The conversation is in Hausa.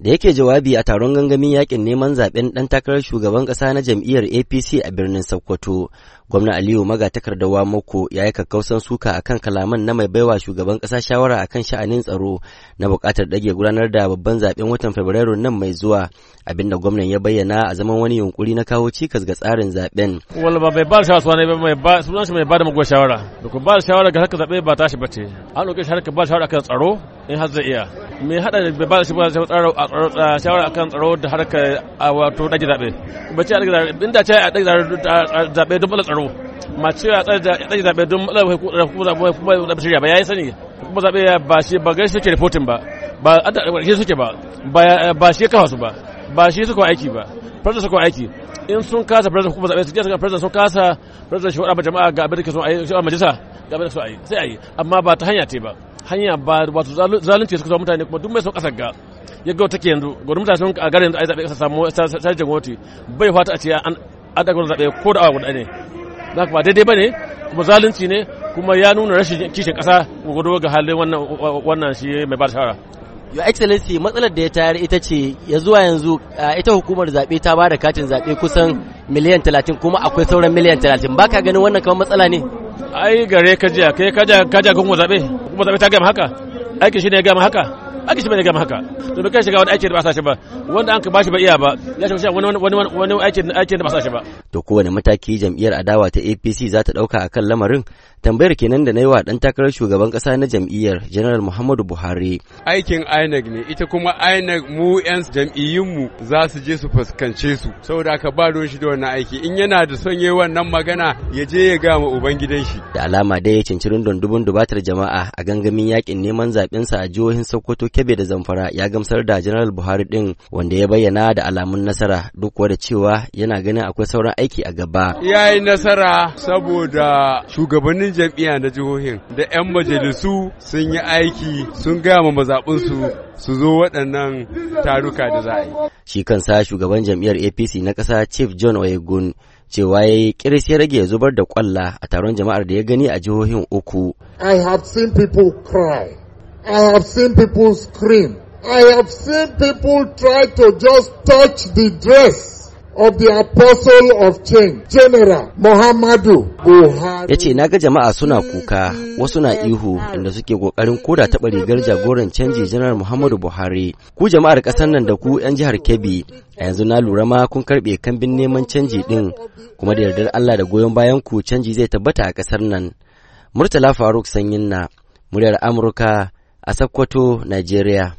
da yake jawabi a taron gangamin yakin neman zaben dan takarar shugaban kasa na jam'iyyar APC a birnin Sokoto gwamna Aliyu Maga takardawa mako ya yi kakkausan suka akan kalaman na mai baiwa shugaban kasa shawara akan sha'anin tsaro na bukatar dage gudanar da babban zaben watan Fabrairu nan mai zuwa abinda gwamnan ya bayyana a zaman wani yunkuri na kawo cikas ga tsarin zaben wala ba bai ba shawara ne mai ba sunan shi mai ba da mugo shawara ba shawara ga haka zabe ba tashi bace an roke har ka ba shawara akan tsaro in har zai iya me hada da ba shi ba tsaro tsaro a shawara akan tsaro da harkar wato dage zabe ba ce a dage zabe inda ce a dage zabe don bala tsaro ma ce a dage zabe don bala hukumar zabe kuma da shirya ba yayi sani kuma zabe ba shi ba gaishe suke reporting ba ba a da shi suke ba ba shi kawo su ba ba shi suka aiki ba president suka aiki in sun kasa president kuma zabe su je su president sun kasa president shi wada ba jama'a ga abin da ke so a yi a majalisa ga abin da ke son a yi sai a yi amma ba ta hanya ce ba hanya ba wato zalunci su kusa mutane kuma duk mai son kasar ga ya ga take yanzu gudun mutane sun a gare yanzu a zaɓe ƙasa samu sajin gwamnati bai fata a ce an adaka gwamnati zaɓe ko da awa guda ne za ba daidai ba ne kuma zalunci ne kuma ya nuna rashin kishin ƙasa gudu ga halin wannan shi mai ba da shawara Your Excellency matsalar da ya tayar ita ce ya zuwa yanzu ita hukumar zaɓe ta ba da katin zaɓe kusan miliyan 30 kuma akwai sauran miliyan 30 ba ka ganin wannan kamar matsala ne? ai gare ka jiya kai ka ja kun zabe kuma zabe ta gama haka aikin shi ne ga gama haka ake shi bai gama haka to bai kai shiga wani aikin da ba sa shi ba wanda an ka bashi ba iya ba ya shi wani wani wani aikin da ba sa shi ba to kowane mataki jam'iyyar adawa ta APC za ta dauka akan lamarin tambayar kenan da na yi wa dan takarar shugaban kasa na jam'iyyar General Muhammadu Buhari aikin INEC ne ita kuma INEC mu yan jam'iyyun mu za su je su fuskance su saboda aka ba don shi da wannan aiki in yana da son yi wannan magana ya je ya ga ma ubangidan shi da alama dai ya cincirin dubun dubatar jama'a a gangamin yakin neman zaben sa a jihohin Sokoto Kebbi da Zamfara ya gamsar da General Buhari din wanda ya bayyana da alamun nasara duk da cewa yana ganin akwai sauran aiki a gaba. Ya yi nasara saboda shugabannin jam'iyya na jihohin da 'yan majalisu sun yi aiki sun gama mazaɓinsu su zo waɗannan taruka da za a yi. Shi kansa shugaban jam'iyyar APC na ƙasa Chief John Oyegun cewa ya yi kiris ya rage zubar da kwalla a taron jama'ar da ya gani a jihohin uku. I have seen people cry. I have seen people scream. I have seen people try to just touch the dress of the apostle of change general Muhammadu Buhari. Ya ce na jama'a suna kuka wasu na ihu inda suke kokarin koda taɓa rigar jagoran canji General Muhammadu Buhari. Ku jama'ar ƙasar nan da ku 'yan jihar Kebbi a yanzu na lura ma kun karɓe kambin neman canji ɗin kuma da yardar Allah da goyon bayan ku canji zai tabbata a ƙasar nan. Murtala Faruk Sanyin na muryar Amurka a nigeria Najeriya.